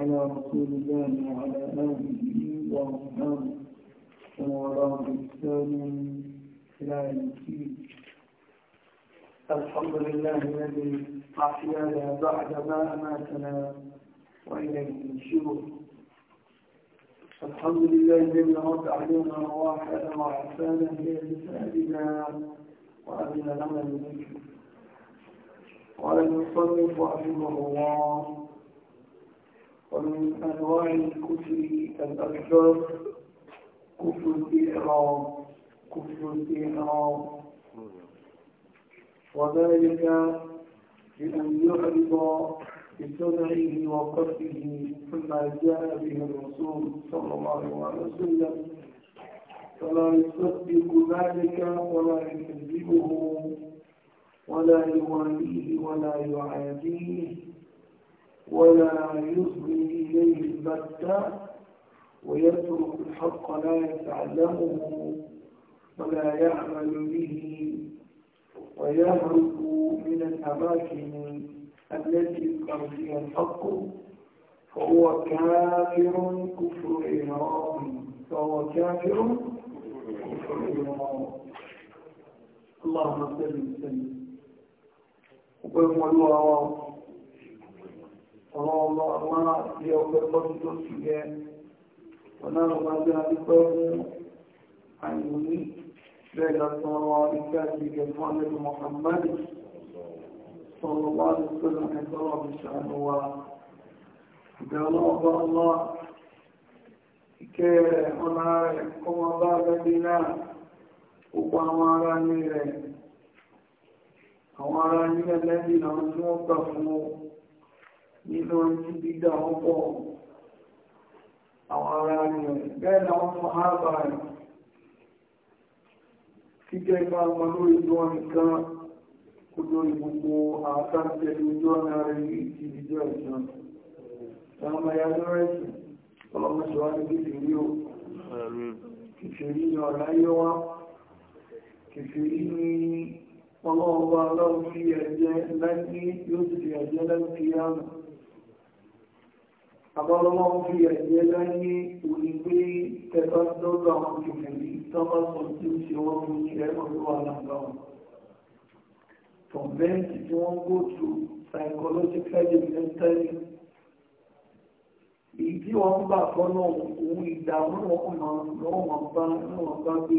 على رسول الله وعلى آله وأصحابه ومن بإحسان إلى يوم الدين الحمد لله الذي أحيانا بعد ما أماتنا وإليه النشور الحمد لله الذي رد علينا رواحنا وعفانا في لسائلنا وأذن لنا الملك وعلى المصنف رحمه الله ومن أنواع الكفر الأكبر كفر الإعراب كفر الإعراب وذلك بأن يعرض بسمعه وقلبه مما جاء به الرسول صلى الله عليه وسلم فلا يصدق ذلك ولا يكذبه ولا يواليه ولا يعاديه ولا يصبر ويترك الحق لا يتعلمه ولا يعمل به ويهرب من الأماكن التي يذكر فيها الحق فهو كافر كفر إهرام فهو كافر كفر إهرام اللهم صل وسلم وقل الله àwọn ọmọ àwọn ilé ọpẹ́ pọ́dún tó sì yẹ ọ̀nà ọmọ ajé adúpẹ́ fún àìmọ̀ní bẹ́ẹ̀ lọ́tọ̀ ọ̀rọ̀ ìfẹ́ àti ìgbẹ̀fún àlẹ́bù Muhammadu sọ̀rọ̀ wá ní pẹ̀lú ẹ̀tọ́rọ̀ ìṣàánú wa ìbẹ̀rún ọba ọlọ́ ìkẹ́ rẹ̀ ọ̀nà rẹ̀ kọ́ wọn bá gẹ́gẹ́ náà gbogbo àwọn ará ní rẹ̀ àwọn ará ní ẹlẹ́bí náà tí wọ́n gbà fún wọn nínú orí dídá ọpọ̀ àwọn ará rẹ̀ bẹ́ẹ̀ na wọ́n fún ààbà rẹ̀ kíkẹ́ ipa ọmọ lórí ìlú wọn nìkan kó lórí gbogbo àtàkẹ́ ojú ọ̀nà rẹ̀ ní ti ìjọ ìjọ àwọn ọmọ ya sí ọlọ́mọṣọ́ wá ní kékeré fi ẹ̀jẹ̀ lẹ́ni yóò àbọ́lọ́wọ́ ń fi ẹ̀jẹ̀ láyé onígbé tẹ́lá lọ́dọ̀ àwọn kìfìrí tọ́bá sọ tí ó ṣe wọ́n ní ẹ̀rọ tó wà lágbàwọn kọ̀mẹ́ntì tí wọ́n go through psychologically mentally èyí tí wọ́n ń bà fọ́nà òun ìdààmú ọkùnmọ̀ lọ́wọ́n bá lọ́wọ́n bá gbé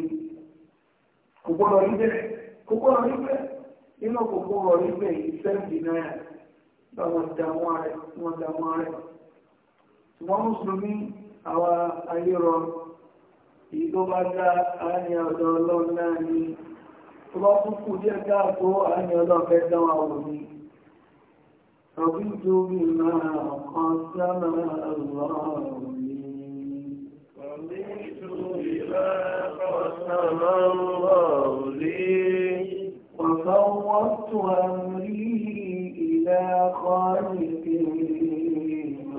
kò gbọ́dọ̀ rí bẹ́ẹ̀ kò gbọ́dọ̀ rí bẹ́ẹ̀ nínú kò gbọ́dọ̀ rí bẹ́ẹ̀ yìí bá wọn dààmú ààrẹ wọn dààmú ààrẹ ṣùgbọ́n mùsùlùmí àwọn ayé rọ èyí tó bá dá àárín ọ̀dọ̀ ọlọ́run náà ni tó bá tún kù díẹ̀ káàtó àárín ọlọ́run fẹ́ dán àwọn òní رضيت بما قسم الله لي رضيت بما قسم الله لي وفوضت أمري إلى خالق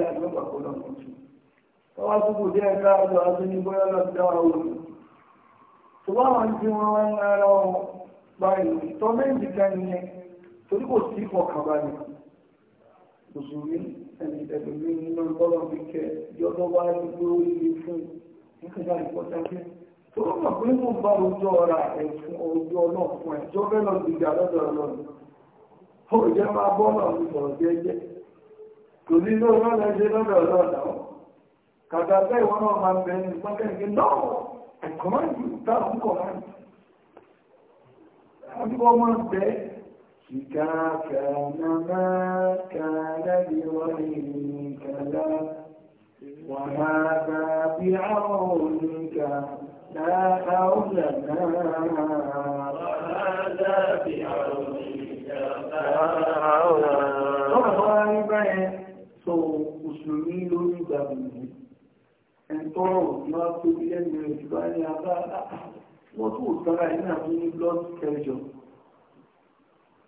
rẹ̀ ló gbà kó lọ sí i tó wá kúkú díẹ̀ káàdù àti ní bóyá lọ sí àwọn òòlù ṣùgbọ́n àwọn tí wọ́n wá ń rárá wọn gba ìlú tọ́mẹ́ǹtì kan yẹn torí kò sí ìfọkànbalẹ̀ òṣùwé ẹni ẹlòmí nínú bọ́lọ̀ bí kẹ yọ́dọ́ wá nígbó ilé fún nígbàdá ìpọ́tàkẹ́ tó rọ́ mọ̀ pé mo bá ojú ọ̀rà ẹ̀fún ojú ọ̀nà fún ẹ̀ tó fẹ́ lọ gbìyà lọ́dọ̀ ọlọ́run ó jẹ́ máa bọ́lọ̀ mi sọ̀rọ̀ jẹ́jẹ́ kò ní ló rán lẹ́sẹ̀ lọ́dọ̀ lọ́dọ̀ kàtà bẹ́ẹ̀ wọn náà máa ń bẹ ní pọ́kẹ́ǹkẹ́ náà ẹ̀kọ́ máa ń jù táwọn kọ̀ máa ń jù àbíkọ́ máa ń bẹ tó mùsùlùmí lórí ìgbà mùsùlùmí ẹ̀ńtọ́ ọ̀rọ̀ máa tóbi lẹ́nu rẹ̀ jùlọ ní abá wọ́n tó sára iná tó ní blood pressure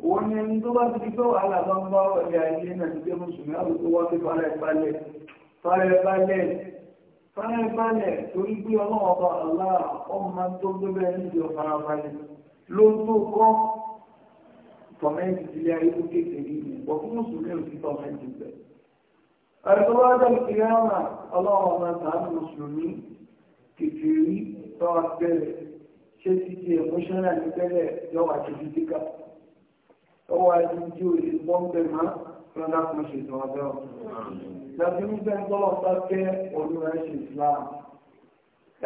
wọ́n ní ẹni tó bá ti di pé wàhálà bá ń bá ọ̀rẹ́ ayé náà ti jẹ́ mùsùlùmí àwùjọ wá sí fara ìbalẹ̀ fara ìbalẹ̀ fara ìbalẹ̀ torí pé ọlọ́wọ́ bá ọ̀la ọmọ tó gbébẹ̀ níbi ọ̀fara balẹ̀ ló ń tó kọ́ tọ́mẹ́ntì sílé ayé tó kékeré ìgbọ̀ fún mùsùlùmí ò sí tọ́mẹ́ntì bẹ̀rẹ̀ àìsọ́wájà ìkìlẹ́ọ̀nà ọlọ́run ọmọ ìtàánù mùsùlùmí kìtìrí tọ́wà bẹ̀rẹ̀ ṣé ti di ẹ̀mọ́ṣẹ́nà ní tẹ́lẹ̀ lọ́wọ́ àti dídíkà ọwọ́ àti tí ó lè bọ́ bẹ̀ má lọ́dá kan ṣe ìtàn abẹ́ ọ̀. láti ní bẹ́ẹ̀ tọ́lọ̀ bá fẹ́ ọdún rẹ̀ ṣe islam.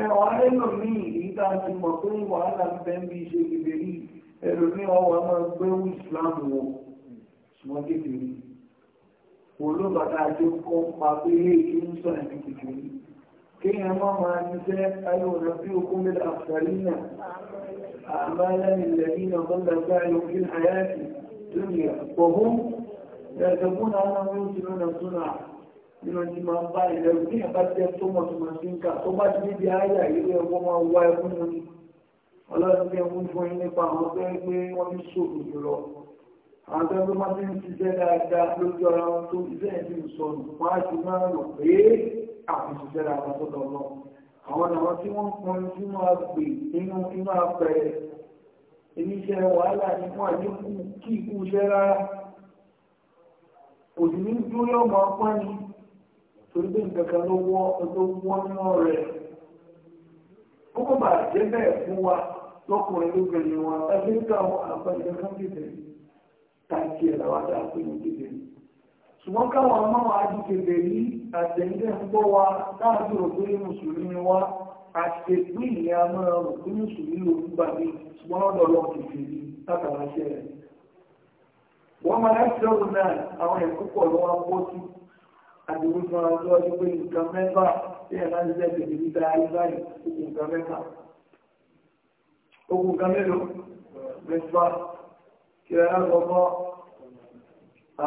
ẹ wà nínú mi èyí tá a ti mọ̀ pé wàhálà ń bẹ́ ń bí ṣe kékeré ẹlòmíràn wà máa gbẹ́wò islam wọ̀ ṣùgbọ́n kékeré olóbàtà àjọ kọ́ pa pé ilé ìlú ń sọ ẹ̀mí kékeré kéèyàn má máa ní sẹ́ ayé ọ̀nà bí okun mi àfàrí náà àmà lẹ́yìn lẹ́yìn náà wọ́n lọ bá ẹ̀yọ kí àyàtì lórí ọ̀hún ẹ̀ẹ́dẹ̀gbọ́n náà wọ́n ń sinú náà súnà nínú tí máa ń bá ilẹ̀ ní ẹ̀bá tẹ́ tó mọ̀ tó máa ti ń kà tó bá ti níbi ayé àìlú ẹ̀kọ́ máa wá ẹkún ní ọlọ́run àwọn tó máa ti ń ṣiṣẹ́ dáadáa lójú ara wọn tó iṣẹ́ ẹ̀ ti ń sọnù wọ́n á ti máa rò pé àwọn ìṣiṣẹ́ dáadáa tó lọ lọ àwọn àwọn tí wọ́n ń pọn sínú àgbè inú inú apẹ̀rẹ̀ oníṣẹ́ wàhálà ní fún àdínkù kí ikú iṣẹ́ rárá òdì ní dúró ọmọ apá ni torí pé nǹkan kan ló wọ́ ló wọ́ nínú rẹ̀ ó kò bàa jẹ́ bẹ́ẹ̀ fún wa lọ́kùnrin lóbìnrin wa ẹgbẹ́ nígbà àwọn àgbà ìjọba kéde yìí tàbí ẹ̀rọ wa dáa pé ní kéde ní. ṣùgbọ́n káwọn máa wájú kéde ní àtẹ̀yìndẹ̀ ń bọ́ wa láàbí òkúlé mùsùlùmí ni wá àṣepín ìyá máa òkú mùsùlùmí lòún gbà mí ṣùgbọ́n lọ́dọ̀ lọ kéde ní látara iṣẹ́ rẹ̀. wọ́n máa láti lọ́rùn náà àwọn ẹ̀kọ́ pọ̀ lọ́wọ́ bọ́ sí àdìgbò fún wa lọ́wọ́ pé nǹkan mẹ́fà tí ẹ̀ láti ṣẹ́ kéde ní dáadé báyìí ó kù nǹkan mẹ́fà. ó kù mẹ́fà kí ẹ lọ́gbọ́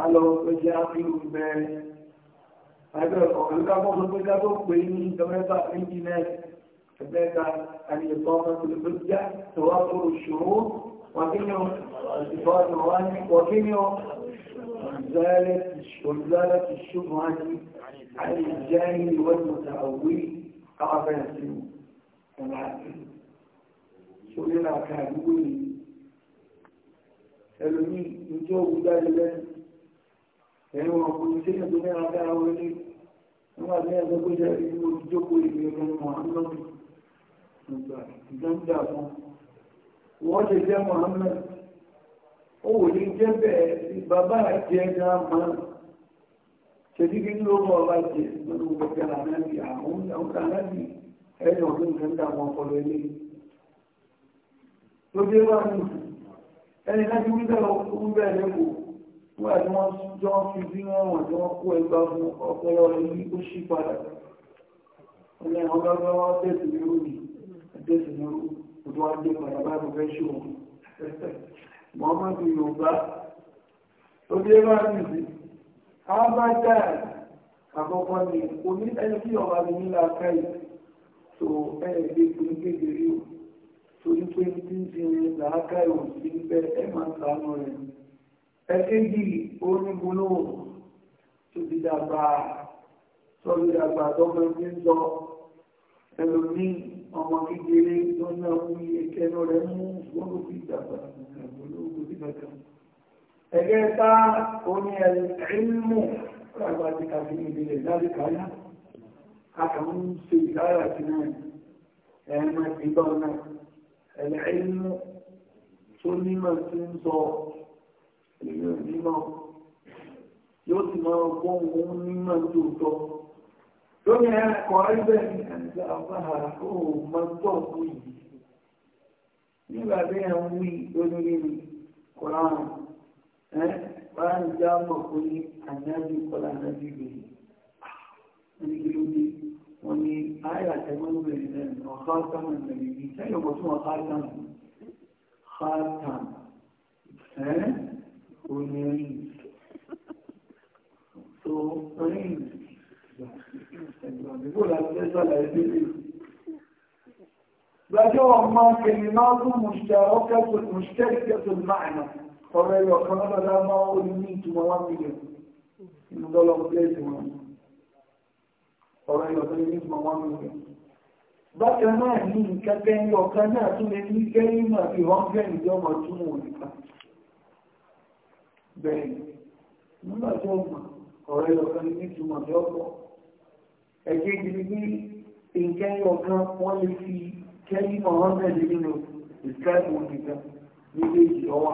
àlọ́ pẹ̀jẹ́ àfihù bẹ ẹgbẹ́ ọ̀kọ̀lùkà fọ́sọ pé ká tó pè ní ìjọba méjì náà ẹgbẹ́ ta àyẹ̀kọ́ ọmọkùnrin tó já tọwọ́ fòrò ṣòro wàkínyọ ìfọ́nà wá ní wàkínyọ ìzọ́lẹ̀ ìṣòro wá ní àyẹ̀jẹ́ ìwọ́n mọ̀tàwé káwàfẹ́ àti ìrìnàjò ṣòro náà ká àdúgbò yìí ẹlòmí ìjọ òwú jáde lẹ́nu ẹ̀rọ ọkùnrin tí ẹ̀dùn mẹ́ra dára wọ́n ní wọ́n wà ní ẹ̀dọ́ jẹ́ ìlú ìlú fún wọ́n ṣe jẹ́ ó wò ní jẹ́ bẹ́ẹ̀ bàbá ṣètí kí ọba jẹ gbogbo àwọn ọdún ẹni láti wí bẹ́ẹ̀ wí bẹ́ẹ̀ lẹ́kọ̀ọ́ nígbà tí wọ́n jọ fi bí wọ́n wọ̀n tí wọ́n kó ẹgbà fún ọpọlọ ẹni ó ṣí padà ọlẹ́ àwọn bàbá wọn tẹ̀sí ní rúbi tẹ̀sí ní rú òtún wá dé padà bá ẹ̀kọ́ fẹ́ ṣe wọn mọ́mọ́tò yorùbá ó dé bá mi sí ábájá àkọ́kọ́ ni oní ẹni tí ọba mi ní làákàyè tó ẹ̀ gbé pé kékeré o torí pé tí ń ṣe làákà ìwòsí ń bẹ ẹ máa ń sànú rẹ ẹkéjì onígbólóhùn tó ti dàgbà tó ti dàgbà tọmọ ẹbí ń sọ ẹlòmíì ọmọ kékeré tó náà ń yí ẹkẹnu rẹ mú wọn ló fi dàgbà ìgbàgbọ́lógún sí kankan ẹgẹta oní ẹlẹmú rárá ti kàfí ìbílẹ̀ láti káyà a kàn ń ṣe ìdára sí náà ẹ̀ẹ́mọ̀ ìbọn náà ẹ̀lẹ́yìnmú tó nímọ̀ tí ń sọ èèyàn nímọ̀ yóò sì máa gbọ́ òun nímọ̀ tó tọ́ lórí ẹ̀kọ́ ẹgbẹ́ ní àti àbáhà ó máa ń tọ̀ fún yìí nígbà tí ẹ̀ ń wí lórí kọ́láàmù ẹ̀ bá ń já mọ̀ pé àyájú kọ́lá náà ti gbé ní kí ló dé. اونی آیه هایی باید بودن. و خواهدتان من به بیشتر اینو باشون و خواهدتان من. خواهدتان. و تو این. دیگه اون هست در این درگیر. براتو کلماتو و مشترکت معنی. خوره ایوه کنار و موضوع اینی تو موضوع دیگه. اینو ọ̀rọ̀ ẹ̀yọ̀ tó lè ní ìmọ̀ wọn lórí. Bákan náà ní nǹkan kẹ́yìn ọ̀kan náà tún lè ní kẹ́yìn mọ̀ fi wọ́n fẹ́ ìdí ọmọ túmọ̀ nìkan. Bẹ́ẹ̀ nígbà tó mọ̀ ọ̀rọ̀ ẹ̀yọ̀ kan ní ìtumọ̀ ní ọ̀pọ̀. Ẹ̀jẹ̀ ìdílé ní nǹkan ọ̀kan wọ́n lè fi kẹ́yìn mọ̀ wọ́n fẹ́ nínú ìsìkáìpù nìkan nílé ìjọ wa.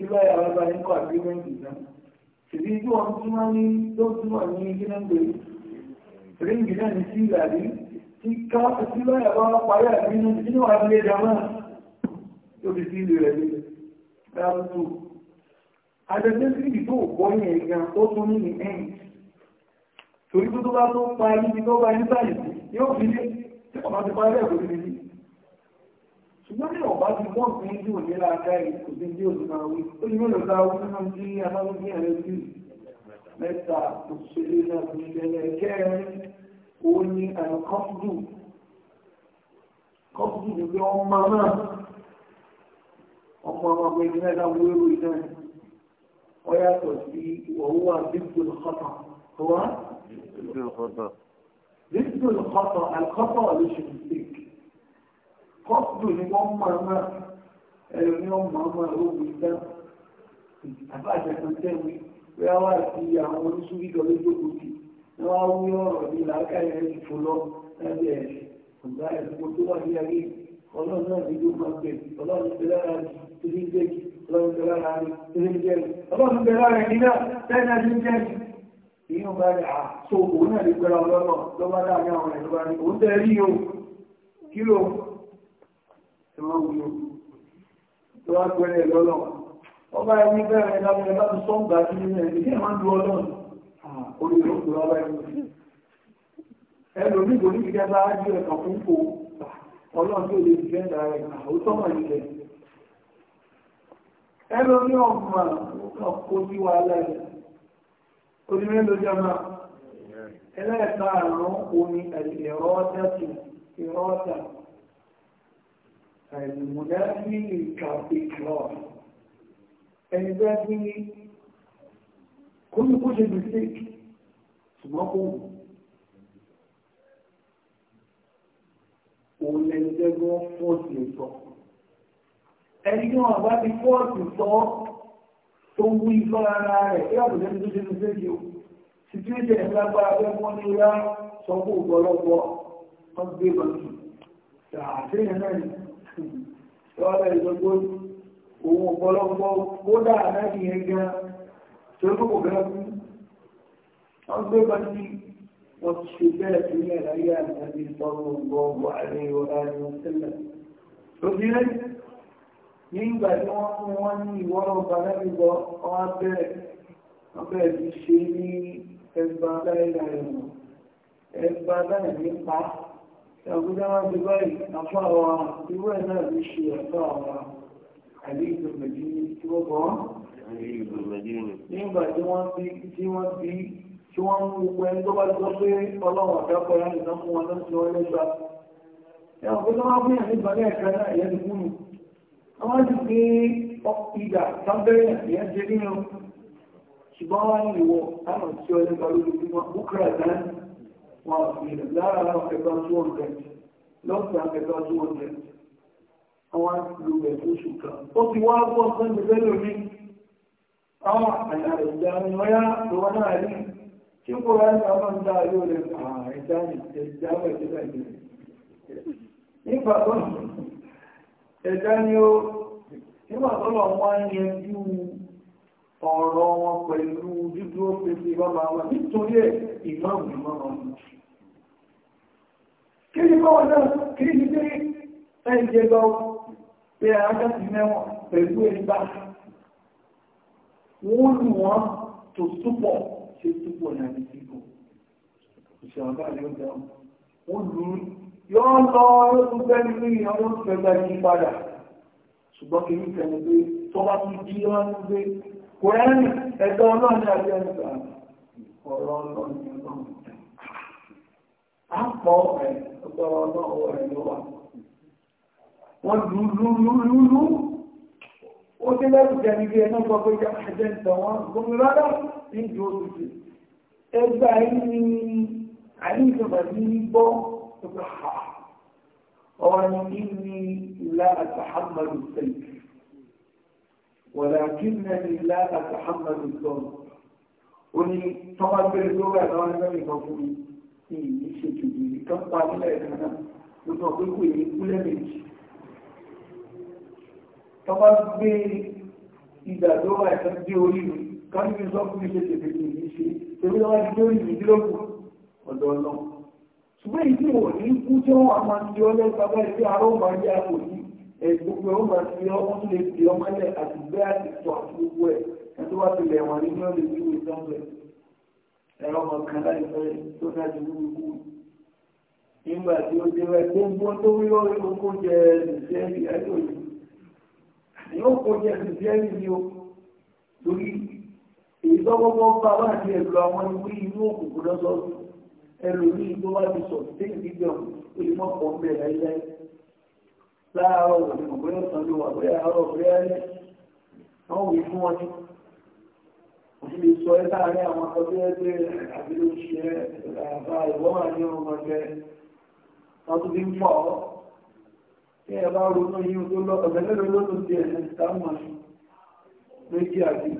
tí lọ́ọ̀yà wa bá ń kọ́ àgbémẹ́ǹtì náà ṣèbí tí wọ́n túmọ̀ ní tó túmọ̀ ní gínáńgbé ríǹgì náà ní sí ìlàrí tí ká tí lọ́ọ̀yà wa parí àgbémẹ́ǹtì nínú wa ilé dàmọ́ tó fi sí ìlú rẹ̀ lé dáàbò adẹ́sẹ́sìrì tó bọ́ yẹn gan ó tún ní ní ẹ̀yìn torí tó tó bá tó parí ibi tó bá ní sáyẹ̀sì yóò fi lé tí kò máa ti ṣùgbọ́n ní ọ̀bá ti mọ́ sí ní òní láàká ìkòsí ní òní máa wí ó ní mélòó ta wí nínú tí amáwó ní ẹ̀rẹ́ sí mẹ́ta òṣèlú náà fi ṣẹlẹ̀ kẹrin ó ní àìkọ́fùdù kọ́fùdù ní pé ọmọ náà ọmọ ọmọ ọmọ ìdí mẹ́ta wo èrò iná ọ yàtọ̀ sí ìwọ̀wọ́ àdígbò lọ́kọ̀tọ̀ ọwọ́ àdígbò lọ́kọ̀tọ̀ àìkọ́fọ̀ kọ́pù ni wọ́n máa ma ẹ̀rọ ni wọ́n máa ma owó ìdá àbájá kan tẹ́wé pé a wá sí àwọn oníṣúrí lọ́lé gbòógì ni wọ́n á wí ọ̀rọ̀ ní làákàyè ẹ̀ fò lọ lábẹ́ ẹ̀ ọ̀gá ẹ̀ gbogbo tó wà ní ayé ọlọ́run náà ní ló máa bẹ̀ ọlọ́run bẹ lára rẹ̀ torí jẹ́ kí ọlọ́run bẹ lára rẹ̀ torí jẹ́ kí ọlọ́run bẹ lára rẹ̀ nígbà tẹ́lẹ̀ lọ́wọ́ tí wọ́n wúlò tó wá pẹ́rẹ́ bá ájú ẹ̀kàn fún kò ọlọ́run tó lè jẹ́ ẹ̀dà rẹ̀ àwòtọ́ mọ̀ ìjẹ́ ẹlòmí ọ̀gbọ̀n kò sí wàhálà rẹ̀ onímọ̀ ló jẹ́ máa ẹlẹ́ẹ̀ta àrùn omi ẹ̀rọ ọ̀tẹ̀ المنافي للإكرار ẹni bẹ́ẹ̀ bí kó ní kó ṣe mistake ṣùgbọ́n kó wù òun lẹ́nu tẹ́gbọ́n fọ́ọ̀tì sọ ẹni tí wọ́n bá ti fọ́ọ̀tì sọ tó wú ìfọ́ ara rẹ̀ kí ọ̀dọ̀ lẹ́nu tó ṣe mistake o situation ẹ̀ lágbára pé wọ́n ní ra sọ fún ọ̀pọ̀lọpọ̀ lọ́wọ́ ìjọgbó ohun ọ̀pọ̀lọpọ̀ kódà láti yẹn gan tó kò gan fún wọ́n gbé bá sí wọ́n ti ṣe bẹ́ẹ̀ sí ní ẹ̀láyé àti sọ́rọ̀ gbọ́ọ̀gbọ̀ àrẹ ìwọ̀lá ni wọ́n tẹ́lẹ̀ lóbìnrin nígbà tí ẹ̀kúndé wọn ti báyìí apá wa irú ẹ̀ náà ti ṣe ẹ̀fọ́ àwọn àlejò méjì tí wọ́n bọ́. àlejò méjì ni. nígbà tí wọ́n bí tí wọ́n bí tí wọ́n mú gbogbo ẹni tó bá sọ pé ọlọ́run àdápọ̀ yẹn nìkan fún wọn lọ́sọ̀ ọlẹ́gbà. ẹ̀kúndé wọn fún yàn nígbà náà ẹ̀ka náà ìyẹn ti kúnnù. àwọn ti pé ìdà sábẹ́rẹ̀ ìyẹn ti rí wọn ṣùgbọ́n wọn ní ìwọ táwọn ti ọlẹ́gbà lójoojúmọ́ búkúrà náà lára ẹ̀gbá 200 lọ́pàá ẹ̀gbá 200 àwọn ìlú rẹ̀ tó ṣùkà ó ti wá gbọ́ sẹ́ndì lẹ́lò ní àwọn àyà ìjà ni ọyá lọ́wọ́ náà rí tí kò rẹ̀ ní àwọn ìjà yóò rẹ̀ àìjá ìjà rẹ̀ ti rẹ̀ nígbà tó ẹ̀dá ni ó nígbà tó lọ wọ́n ń yẹjú ọ̀rọ̀ wọn pẹ̀lú dídúró pẹ̀lú ìbámu àwọn nítorí ẹ̀ ìmáàmù ìmáàmù kí ni kọ́wọ́ pẹ̀lú ẹgbà wọ́n lù wọ́n tó túpọ̀ ṣe túpọ̀ ní sípò ìṣẹ̀wọ̀n bá ọjọ́ wọ́n lù ú yọ́ lọ lókun fẹ́mi ní ìyàwó fẹ́gbà yí ṣùgbọ́n kì í pé tó tún jí wọ́n ń gbé kò rẹ́rìn ẹ̀dọ́ ọlọ́run àti ẹ̀dọ́ ọ̀rọ̀ ọlọ́run àpọ̀ rẹ̀ ọgbọ́rọ̀ náà rẹ̀ ló wà. Wọ́n lúlúlúlú, ó dé lẹ́rù jẹni bí ẹnà gbogbo jẹ́ àjẹ́ǹtọ̀ wọn, gómi rárá ní ju òtútù. Ẹgbà yìí ni àyíkọ̀bà ní bọ́ ọgbà ha. Ọ̀rọ̀ ni ní ìlà àtàhàmàlù sẹ́yìn. Wàlàkínẹ̀ni ìlà àtàhàmàlù sọ̀rọ̀. Ó ní tọ́wọ́ gbé lórí àwọn ẹgbẹ́ ìbọn fún mi èyí ṣe jùlọ ìkan pa nílẹ̀ ìrìnà lójú ọ̀pẹ́ kò èyí kúlẹ̀ méjì tó bá gbé ìgbà tó wà ẹ̀kan gbé orí mi ká ní sọ fún iṣẹ́ tètè kì í ṣe torí wọn ti lórí mi dílógún ọ̀dọ̀ ọ̀nà ṣùgbọ́n ìdí wò ní kú tí wọ́n máa ń di ọlẹ́ bàbá ìdí àárọ̀ máa yá kò ní gbogbo ọ̀hún máa ti yọ wọ́n lè di ọmọlẹ̀ àti bẹ́ẹ̀ àti sọ àti gbogbo ẹ̀ ẹ̀ tó wá tilẹ̀ wọn nínú ọ̀lẹ́ ìdí wò ìtàn bẹ́ẹ̀ ẹ̀rọ ọmọkan láìpẹ́ tó dájú lórúkú nígbà tí ó dé rẹ̀ tó ń bọ́ tó rí lórí oko jẹ ìṣẹ́rì ayò yìí yóò kó jẹ ìṣẹ́rì ni ó torí ìdọ́gbọ́gbọ́ bá wà ní ẹ̀rọ àwọn ìwé inú òkùnkùn lọ́sọ̀ọ̀sì ẹ̀rọ ní ìgbó wá ti sọ sí ìdíjọ olùmọ̀ kan bẹ̀ láyé láàárọ̀ òní òbẹ́yọ̀sán ló wà bẹ́ẹ̀ àárọ̀ bẹ́ẹ̀ òbí lè sọ ẹ́ láàárín àwọn akọgbẹ́ ẹgbẹ́ àbílò ṣe ẹ́ àbá ìwọ́wà ní ọmọ ọgbẹ́ wọn tó fi ń pọ̀ ọ́ tí ẹ bá ronú yín tó lọ ọ̀gbẹ́ mẹ́rin ló tó di ẹ̀sìn táwọn méjì àti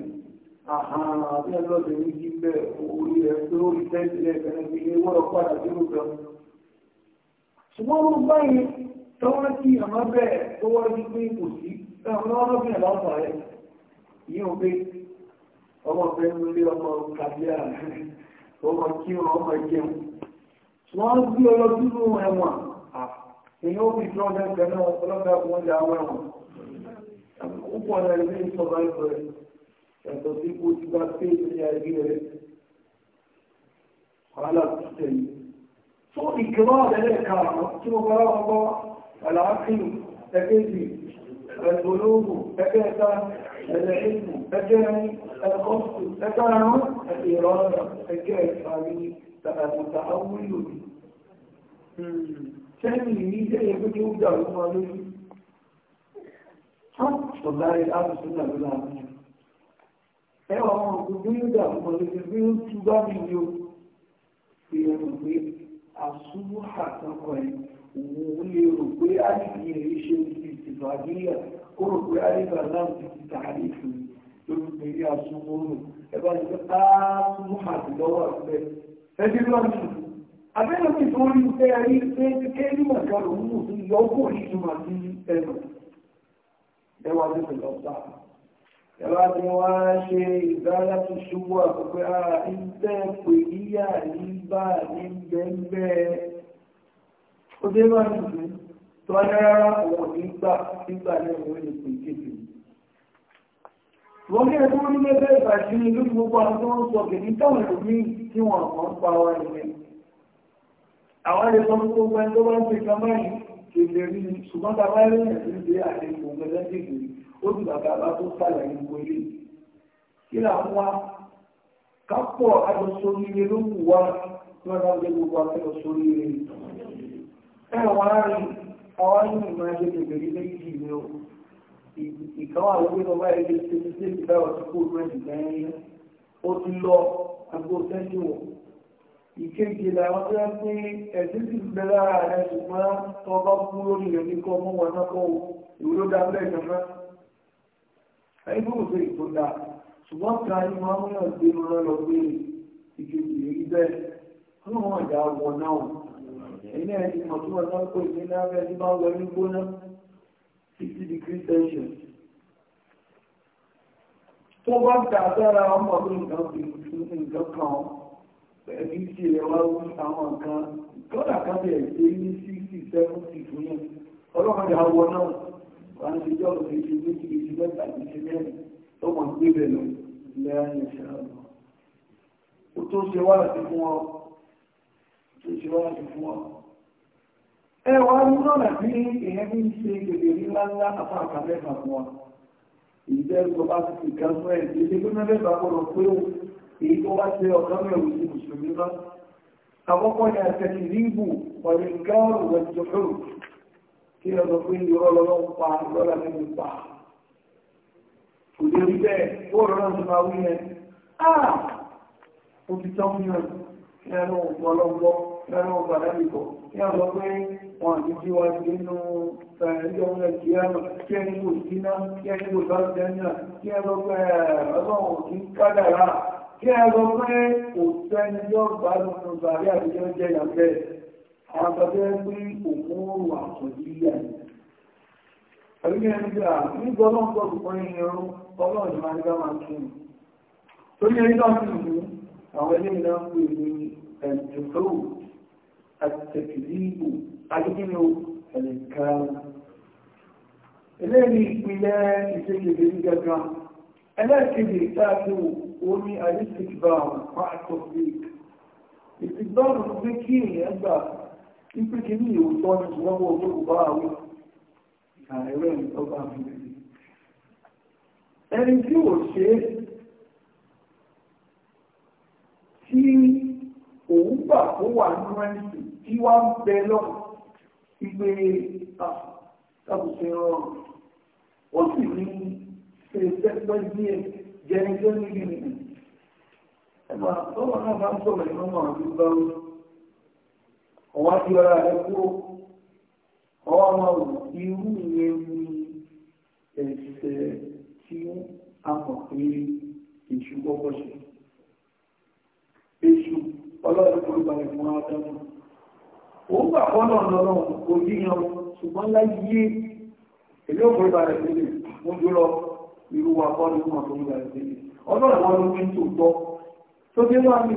àhàn àbí ẹlọ́dẹ̀ méjì bẹ́ẹ̀ orí ẹ̀ tó rí tẹ́sílẹ̀ ẹ̀kẹ́rẹ́ fi lé wọ́rọ̀ padà sí òkè ṣùgbọ́n mo báyìí tọ́wọ́ tí ọmọ ọ̀fẹ́ ń lé ọmọ kàbíyà ọmọ kí wọn ọmọ jẹun wọ́n gbé ọlọ́dúnrún ẹ̀wọ̀n èyí ó fi tọ́ ọdún ẹgbẹ́ náà ọlọ́dún ẹgbẹ́ wọn dáwọ́ ẹ̀wọ̀n púpọ̀ náà ilé ìsọba ẹ̀fọ́ rẹ̀ yàtọ̀ sí kó ti bá pé ìpínlẹ̀ ẹgbẹ́ rẹ̀ wàhálà fún ìkìlọ̀ ọ̀dẹ́lẹ̀ karùn tí mo bá wọn bọ́ àlàáfíì ẹgbẹ́ ìgbì ẹgbẹ́ olóògùn ẹgbẹ́ الخمس تبع الإرادة الجائزة المتأول ثاني ميزة يجب يبدأ المعلوم حق والله الآن سنة بالله ẹwà wọn kò gbíyànjá mọ̀lẹ́gbẹ̀ bí ó tú bá mi yóò fi ẹnu pé àṣùwò àtọkọ ẹ òun lè rò pé àdìyẹ iṣẹ́ ti ti bàbíyà ó rò pé àdìyẹ náà ti ti tààrí fún lórí pé ní asúnmọ́rùn ẹ bá ti pẹ́ áásùnmọ́ àti lọ́wọ́ àgbẹ̀ ẹ ti lọ́ọ́ ní abẹ́rẹ́ mi tó rí pé ẹ rí pé kékeré ní màkà lòún mú sí yọkọ̀ ìtumọ̀ sí ẹnu ẹ wá ní pẹ̀lú ọ̀tá ẹ wá ní wá ṣe ìdára tó ṣubú àkókò ara ìgbẹ́ pè níyà nígbà ní gbẹ́ngbẹ́ ó dé bá nìyí tó ní rárá òun nígbà nígbà náà òun lè pè kéde wọ́n kí ẹ̀kọ́ ní mẹ́fẹ́ ìbàjí ní ìlú gbogbo àwọn tó ń sọ kìí táwọn ìlú ní tí wọ́n kọ́ ń pa wá ilẹ̀ àwọn ilé sọ fún gbogbo ẹni tó bá ń pè kan báyìí kì í lè rí i ṣùgbọ́n ta bá rí ẹ̀sìn ìdí àti ìgbòǹgbẹ lẹ́gbẹ̀ẹ́ ó ti bàbá bá tó sàlẹ̀ ní gbogbo ilé kí làwọn wa kápọ̀ àjọṣọ nílé ló wù wá tí wọ́n bá ń gbé gbogbo akẹ́kọ̀ọ́ sórí ilé ẹ̀wọ̀n á rí àwọn ìmọ̀ ẹgbẹ́ ìkan wà lórí ọba ẹgbẹ́ ṣe ti ṣe ìgbà ọtí kó rẹ ìgbà yẹn ó ti lọ agbo sẹ́ńtì wọ̀. ìkejì làwọn tó yẹ pé ẹ̀sìn sì bẹ lára rẹ ṣùgbọ́n tó bá kú lórí rẹ ní kọ́ mọ́ wọn náà kọ́ ìwé ló dá bẹ́ẹ̀ jọba. ẹni tó ṣe ètò dà ṣùgbọ́n ká ní wọn mú yàn gbé wọn lọ pé ìkejì èyí bẹ́ẹ̀ fún wọn ìdá wọn náà ẹ̀yin náà ẹni mọ̀ tí wọn náà sixty degree Celsius. tó bá gbà sára ọmọ tó nǹkan fi nǹkan kan ẹbí tí ẹ wá wú àwọn nǹkan kọ́dà kan bẹ̀ ṣe ní sixty seventy fún yẹn ọlọ́run yà wọ náà wà ní ìjọ òṣèlú ṣe méjì ìṣe mẹ́ta ìṣe mẹ́rin tó mọ̀ ń gbé lọ lẹ́yìn ìṣẹ́ ọ̀nà ó tó ṣe wá láti fún ọ tó ṣe wá láti fún ọ ẹwà lọ́nà bí èyàn ní ṣe gbèdè ní láńlá àfáàkà mẹ́fà fún wa ìjẹ́ tó bá ti kà fún ẹ̀ ìdí tó mẹ́fẹ́ bá gbọ́dọ̀ pé ó èyí tó bá ṣe ọ̀kan mẹ́rù sí mùsùlùmí bá àkọ́kọ́ ni àtẹ̀kì rígbù ọ̀rẹ́ gáàrù wẹ̀jọ̀fẹ́rù kí ẹ lọ pé ìrọ̀ lọ́wọ́ pa lọ́la nínú pa kò lè rí bẹ́ẹ̀ ó rọrọ̀ tó máa wí yẹn ah ó ti tán fún yàn kí ẹ lọ́wọ́ lẹ́nu ọgbà lẹ́bìkọ̀ ní àwọn pé wọn àti jí wa sí inú ẹ̀ẹ́jọ́ ọmọ ìkìyàmà kí ẹni kò sí náà kí ẹni kò bá jẹ́ náà kí ẹ lọ pé ọlọ́run kì í kádàrá kí ẹ lọ pé kò sẹ́ni yóò gbà lónú bàrí àbíjọ́ jẹ́ ìyàgbẹ́ àwọn tó torí ẹni náà sì ní àwọn ilé ìlànà pè ní ẹ̀dùnkú àtẹ̀kìlíbù àdíkínú ẹ̀lẹ́kàrù eléyìí ìpínlẹ̀ ìṣẹ́gbẹ̀gbẹ̀ ní gẹ́gẹ́ ẹlẹ́kẹ̀ẹ́gbẹ̀ ìtàkù omi àdíkìbàmù pàtàkì ìtìgbàmù pé kí èèyàn gbà wípé kí ní ìwòsàn ní ìwọ́wọ́ olóògùn bá àwọn ààrẹ ìtọ́gbà mìíràn ẹni tí ò ṣe tí òun gbà tó wà nínú ẹ̀sìn tí wá ń bẹ lọ́wọ́ ìgbé àbùsẹ̀ rọrùn ó sì ní ṣèṣẹ́gbẹ́ ní ẹ̀ jẹ́nijẹ́ ní gbìyànjú ẹgbà tọ́wọ́ náà máa ń sọ̀rọ̀ ìmọ̀ náà ní báwọn ọwá ti ara rẹ̀ kúrò ọwá máa wù irú ìyẹn ní ẹ̀ṣẹ̀ tí a mọ̀ pé èṣù kọ́kọ́ kúrò balẹ̀ fún ádámù òun gbà fọ́nà lọ́rọ̀ kò yíyan ṣùgbọ́n láyé èmi ò forí balẹ̀ sílẹ̀ mo dúró irú wa kọ́ ni wọ́n forí balẹ̀ sílẹ̀ ọlọ́run wọn ló ń tó gbọ́ tó dé wá mi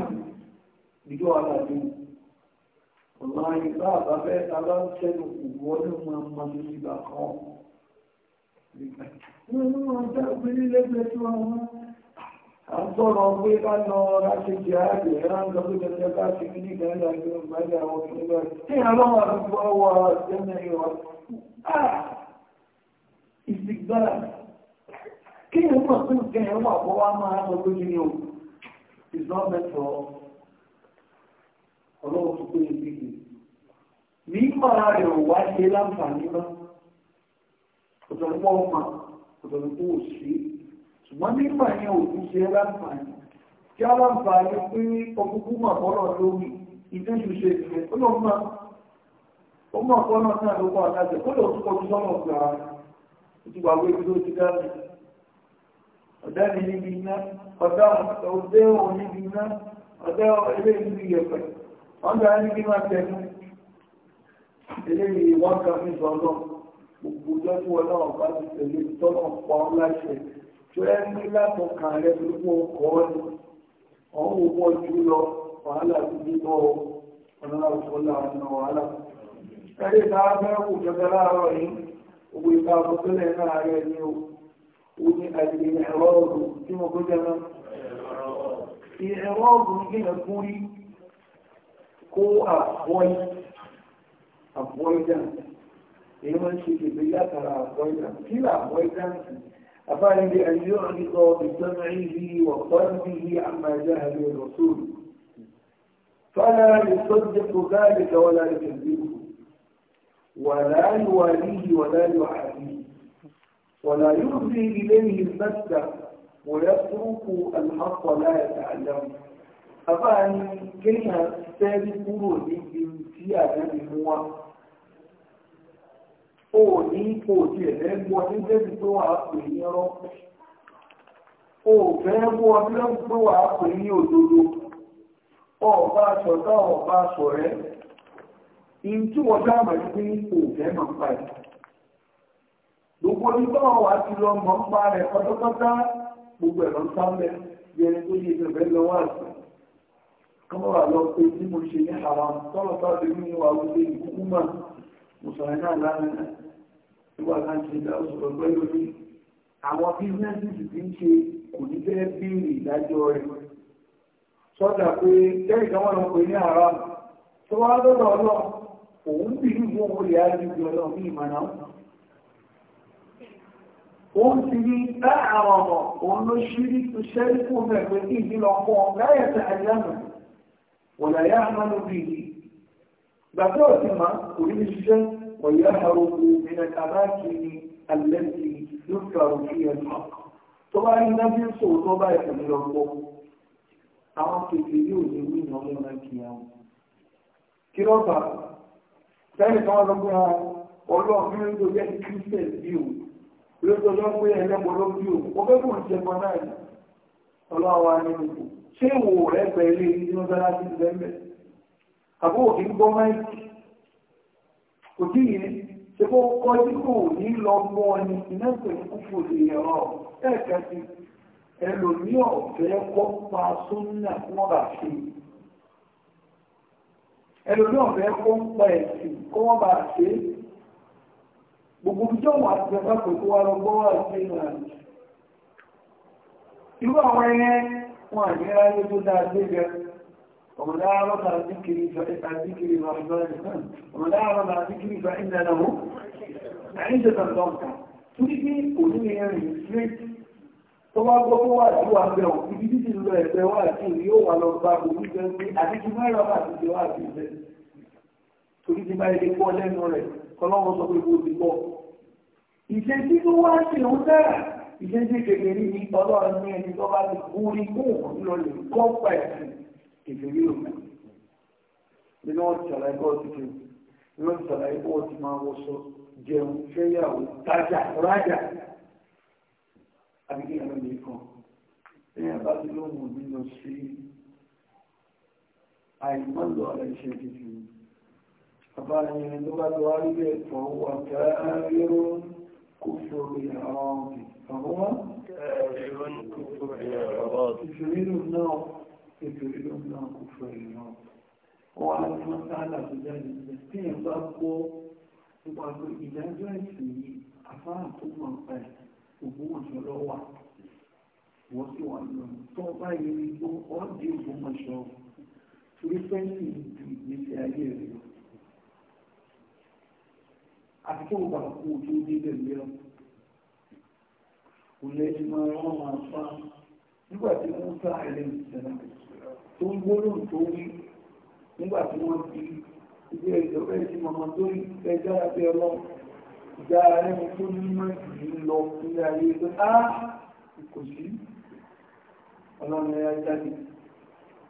ìjọ aláàbí ọ̀láyé bá àbábẹ́ aláṣẹ́nu ìwọlé máa ma ní ìgbà kan nígbà tí wọ́n máa dá gbé lẹ́gbẹ̀ẹ́ tí à ń sọ̀rọ̀ pé ká lọ láti jẹ́ àti ẹ̀rọ ń lọ́dún jẹjẹ ká ti ní ìgbẹ́lẹ̀ àti ìgbẹ́lẹ̀ àwọn ìgbẹ́lẹ̀ tí a lọ́wọ́ kí wọ́n tún jẹ́ máa lọ ìsọ́mẹ́tọ̀ ọlọ́wọ́ ṣùgbọ́n nígbà yẹn ò ti ṣe láǹfààní kí á láǹfààní pé ọkùnkú mà fọ́lọ̀ lórí ìdíṣùṣe ìṣe ó lọ mọ́ ó mọ̀ fọ́lọ̀ náà ló kọ́ àtàjẹ ó lọ túbọ̀ tó sọ́nà ọ̀gbà ó ti wà wé ibi tó ti dáná ọ̀dá mi níbi iná ọ̀dá ọ̀dẹ́ òun níbi iná ọ̀dá ilé níbi yẹ̀pẹ̀ ọ̀dá níbi máa tẹnu eléyìí wọ́n kà sọ́nà gbogbo ọjọ́ tó ẹ ní látọ̀kà rẹ gbogbo ọkọ̀ ni ọ̀hún owó jù lọ wàhálà ti bí bọ́ ọ̀nà wàhálà ẹ̀rí ìdára mẹ́rù jọba láàárọ̀ yìí owó ìta àkọsílẹ̀ náà rẹ̀ أفعل بأن يعرض بسمعه وقلبه عما جاء به الرسول فلا يصدق ذلك ولا يكذبه ولا يواليه ولا يعاديه ولا يرضي إليه المسة ويترك الحق لا يتعلمه أفعل كلمة في لإنتيا نبي ó ní kò tiẹ̀ fẹ́ wọ ní débi tó wà á pè ní ọ̀rọ̀ ó fẹ́ tó wà á pè ní òdodo ọba aṣọ̀tá ọba aṣọ̀rẹ́ in tí wọ́n dá àmà ní pé kò fẹ́ máa pa ẹ̀ gbogbo ní wà á ti lọ mọ̀ ń pa rẹ̀ pátápátá gbogbo ń sáńlẹ̀ bí ẹni tó yẹ lọ sí wà láti ìdá òṣùpọ̀ pẹ̀lú ní àwọn bísínẹ́sì ti ń ṣe kò ní fẹ́ bèèrè ìdájọ́ rẹ̀ sọ́dà pé tẹ́rì kan wọ́n pè ní àrá tó wá lọ́dọ̀ ọlọ́ òun bì ní ìwọ̀n olè ájúbí ọlọ́ ní ìmọ̀nà òun ti ní láàárọ̀ ọmọ òun ló ṣírí tó ṣẹ́rí fún ọmọ ẹ̀pẹ́ ní ìdílọ fún ọ láyẹ̀tẹ̀ àyàmù wọ̀làyà àmàlóbìnrin gbàtọ́ ọ̀sìn máa kò ní ṣiṣẹ́ ويهرب من الأماكن التي يذكر فيها الحق طبعا النبي صوت وما يحمل القوم àwọn kékeré yóò lè wí ìnáwó náà kí á wọn. kí ló fà á sẹ́yìn kan lọ pé ọlọ́run ní ló jẹ́ christian bí o ló tó lọ pé ẹlẹ́gbọ́n o ó fẹ́ kó ń kan náà ọlọ́run wa ní ìlú ṣé ìwò rẹ̀ pẹ̀lú ilé ní láti bẹ́ẹ̀ bẹ́ẹ̀ àbúrò kì í gbọ́ máìkì kò tí ì ní ṣe kó kọjú kò ní lọ mọ́ ni iná pè ní kúfò lè ẹ̀rọ ẹ̀ẹ̀kan sí ẹlòmí ọ̀fẹ́ kọ́ pa súnnà tí wọ́n bá ṣe ẹlòmí ọ̀fẹ́ kọ́ ń pa ẹ̀sìn kọ́ wọ́n bá ṣe gbogbo ìjọ wọn àti ẹ̀fà kò tó wá lọ gbọ́ wà ìrìnàjò irú àwọn ẹ̀yẹ wọn àyẹ́ráyé tó dáa lé ومن أعرض عن ذكري فإن ذكري الرحمن ومن أعرض عن ذكري فإن له عزة ضغطة تريد أذن يعني straight tó bá gbọ́ tó wà sí wàá bẹ̀rù ibi títí lọ ẹ̀fẹ́ wà sí ìlú yóò wà lọ bá òbí bẹ́ẹ̀ pé àdéjú mẹ́rin ọba àti ìjọba àti ìjẹ́ torí ti bá ilé pọ́ lẹ́nu rẹ̀ kọ́lọ́wọ́ sọ pé kò ti pọ̀ ìṣe tí tó wá sí òun dára ìṣe tí kékeré ní ọlọ́run ní ẹni tó bá ti kú rí kú lọ lè kọ́ pẹ̀lú kèfèrí òkú ni wọ́n ti sàlàyé bọ́ọ̀ ti jẹun ni wọ́n ti sàlàyé bọ́ọ̀ ti máa wọṣọ jẹun fẹ́yàwó tajà rájà àbíkí ẹ̀rọ mi kan ẹ̀yà bá ti lóhùn nínú sí àìmọ́lò ọ̀rẹ́ iṣẹ́ títí bàbá ẹ̀yẹn ló bá lọ rí bẹ́ẹ̀ tọ́ wà káàárọ̀ kó fòrò ìhàn ọ̀gbìn àwọn ìṣòro náà nítorí ló ń náà kò fẹ́ ìran wọn á ní wọn sáálà tó jáde níbẹ̀ tí èèyàn bá gbọ́ nípa pé ìdájọ́ ẹ̀sìn yìí afárá tó mọ̀ ẹ̀ Ògbómọ̀ṣọ́ lọ́wọ́ wọ́n sì wà lọ́nà tó bá yẹ ní gbọ́ ọ́ di Ògbómọ̀ṣọ́ torí fẹ́ǹsì ju ìgbésí ayé rẹ̀ lọ àti tó bá kú ojú débẹ̀ mìíràn kò lẹ́yìn máa rán wọn afá nígbà tí wọ́n sá ẹlẹ́yìn sẹ́nà tó ń gbóòrò tó wí nígbà tí wọ́n ti ilé ẹjọ́ bẹ́ẹ̀ sí mọ̀mọ́ tó rí ẹjọ́ abẹ́ ọlọ́ ìjà ààrẹ mi tó ní mọ́ ìlú lọ ilé ayé tó á kò sí ọlọ́run ẹ̀yà jáde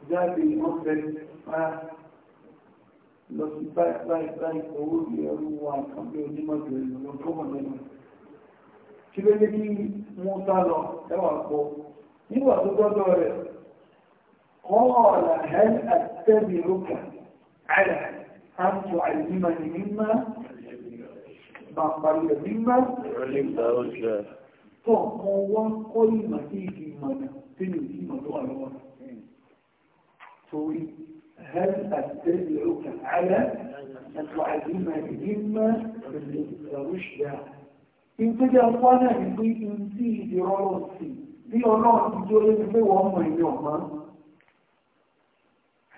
jáde wọ́n fẹ́ á lọ sí báyìí báyìí báyìí owó ní ẹrú wa kan bí onímọ̀ ìrìn lọ tó mọ̀ lẹ́nu kí ló dé kí wọ́n sá lọ ẹwà pọ̀ nígbà tó gbọ́dọ̀ rẹ̀ قال هل أتبعك على أن تعلمني مما بقي مما علمت أوجه فهو ما فيه تنو إيمة ألوان تقول هل أتبعك على أن تعلمني مما علمت رشدا إن تجاوزنا بإنسي دراسي دي أنا أتجاوز بوهم يوما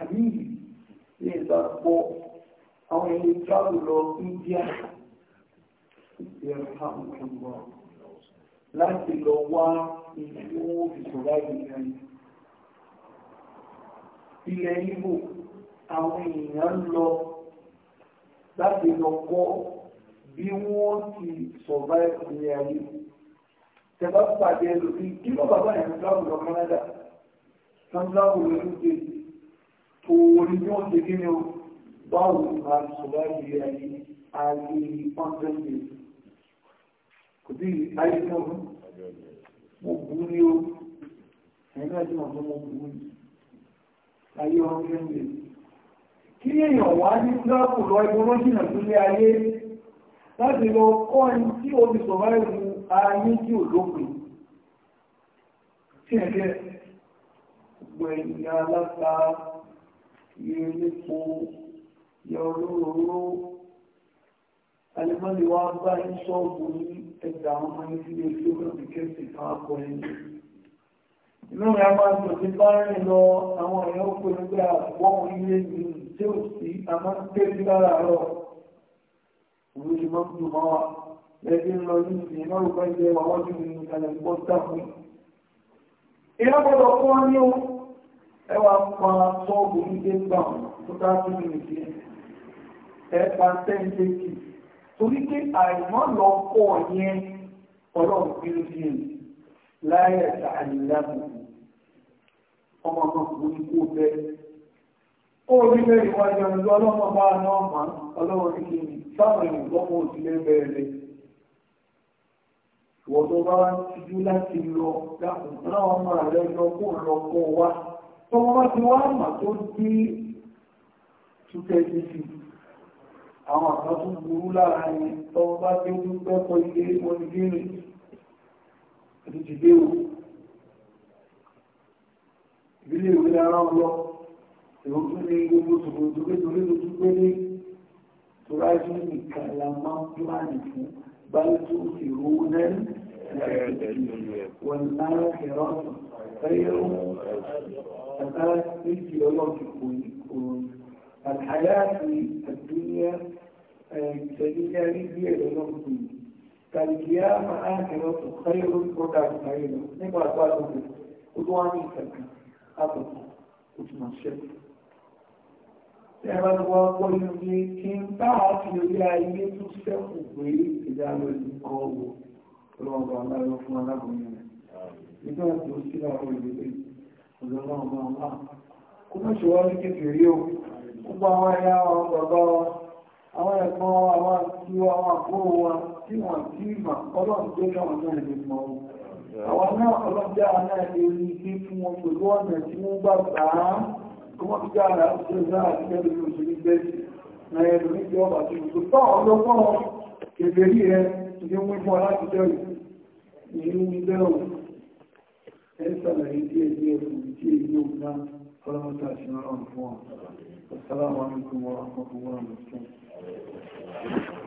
àmìlì lè bá pọ̀ àwọn ẹni travel lọ India láti lọ wá ìlú ìṣòro ìgbìyàn ilẹ̀ Ìgbò àwọn èèyàn lọ láti lọ kọ́ bí wọ́n ti survive ní ayé tẹ́bá pàdé ẹlòmí kí ló bàbá ìrìnláwò lọ Canada sanláwò lọ UK òòrùn ní wọ́n ti gínú báwo ma sọ̀rọ̀ ìrìn àyè àyè pọ́ńtẹ́ǹdì kò bí ayé náà mo bú o ẹ̀yìn náà tí wọ́n tó mo bú ní ayé pọ́ńtẹ́ǹdì kí èèyàn wá ní tíráàpù lọ ẹgbẹ́ olóṣìnà tó lé ayé láti lọ kọ́ ẹni tí o ti sọ̀rọ̀ ìlú ayé tí ò lópin tí ẹ̀kẹ́ gbẹ̀yìn aláta yọ elépo yọ olóróró alimọ́lì wá bá ní ṣọ́ọ̀bù ní ẹgbà àwọn ọmọ ilé tí ó lọ́pì kẹ́sì kan akọ ẹni inú rẹ̀ máa tọ̀ sí bá rìn lọ àwọn èèyàn ó pè nígbà àpọ̀ ilé ní tí ó sì àmọ́ ń pè sí ìyá gbọ́dọ̀ fún ní ohun ẹwà pa tọ́ọ̀bù nígbé gbà tó dájú nínú ìdí ẹ̀ẹ́pa tẹ́ǹtẹ́kì torí pé àìmọ́ lọ pọ̀ yẹn ọlọ́run bínú sí ẹ̀ láyé ẹ̀ta àyíláàbò ọmọ ọmọkùnrin ní kó bẹ́ẹ̀. ó rí bẹ́ẹ̀ ìwájú ọjọ́ ọlọ́mọ bá náà mọ́ ọlọ́run ní kí ni sáwọn èèyàn lọ́mọ òsìlẹ̀ bẹ̀rẹ̀ ìwọ̀n tó bá ń tijú láti lọ dákùn náà ọmọ rẹ̀ lọ kó lọ kó wá tó wọ́n ti wá mà tó dí túkẹ́jì sí àwọn àkọ́ tó burú lára ẹni tó bá tí ó dúpẹ́ kọ ilé wọn gírì ìdíjìdé o ìbílẹ̀ ìwé ara ń lọ èrò tún ní gbogbo tòkòrò tó kéjọrí tó tún pé ní torájú nìkan la máa fún báyìí tó fi rówó náà wọ̀n الآن يجي الله يكون في الدنيا سبيل يجي الله يكون فالقيامة آخرة خير وقع خير نبغى أقوله قدواني فكا أبدا وتما الشرك Ẹ̀rọ ọkọ̀ ìròyìn kí ń bá àti orí ayé tó sẹ́kù pé ìdáwọ̀ ìkọ́ wò lọ́wọ́ ọ̀gá ọ̀gá lọ fún aláboyún tó sí àwọn ìròyìn ọlọ́run ṣe wá ní kékeré o gbogbo àwọn ẹ̀yà àwọn bàbá wa àwọn ẹ̀gbọ́n àwọn àti àwọn àbúrò wa tí wọ́n tí mà ọlọ́run tó kí àwọn náà lè àwọn náà ọlọ́jà náà lè rí sí fún wọn pẹ̀lú ọ̀nà tí wọ́n gbà gbà á kó ẹ sàlàyé díẹ̀ díẹ̀ fún tí èyí ò ná ọlọ́mọta sí ọlọ́run fún ọ. Assalamu alaikum warahmatullahi wabarakatuh.